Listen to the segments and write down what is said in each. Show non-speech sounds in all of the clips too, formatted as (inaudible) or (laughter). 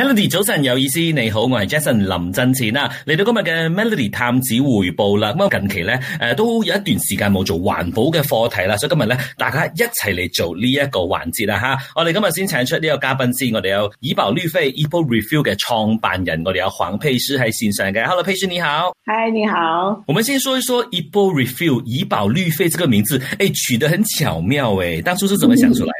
Melody 早晨有意思，你好，我係 Jason 林振前啦，嚟到今日嘅 Melody 探子回報啦。近期呢，誒都有一段時間冇做環保嘅課題啦，所以今日呢，大家一齊嚟做呢一個環節啦哈，我哋今日先請出呢個嘉賓先，我哋有怡保綠肺 Ipoh Refill 嘅創辦人，我哋有黃佩詩在線上嘅。Hello 佩詩你好，嗨你好。我們先說一說 Ipoh Refill 怡保綠肺這個名字，誒、欸、取得很巧妙誒、欸，當初是怎麼想出來？ (noise)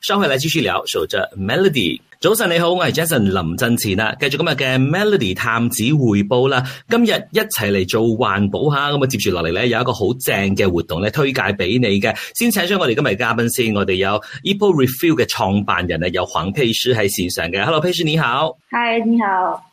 稍後嚟繼續聊，數着 Melody。早晨你好，我係 Jason 林振前啊，繼續今日嘅 Melody 探子匯報啦。今日一齊嚟做環保哈，咁啊接住落嚟咧有一個好正嘅活動咧推介俾你嘅。先請出我哋今日嘉賓先，我哋有 IpohRefill 嘅創辦人咧，有黃佩詩係線上嘅。Hello 佩詩你好，Hi 你好。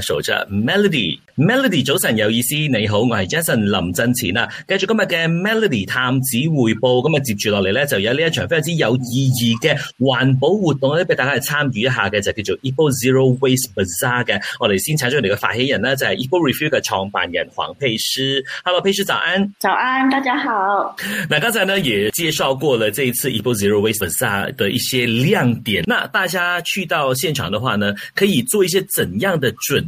守着 Melody，Melody Mel 早晨有意思，你好，我係 Jason 林振前啊，繼續今日嘅 Melody 探子匯報，咁啊接住落嚟咧就有呢一場非常之有意義嘅環保活動咧，俾大家去參與一下嘅，就叫做 Ipoh Zero Waste Bazaar 嘅。我哋先請出嚟嘅發起人咧，就係 Ipoh Refill 嘅創辦人黃佩詩。Hello，佩詩早安。早安，大家好。嗱，剛才呢也介紹過了，這一次 Ipoh Zero Waste Bazaar 嘅一些亮點。那大家去到現場嘅話呢，可以做一些怎樣的準？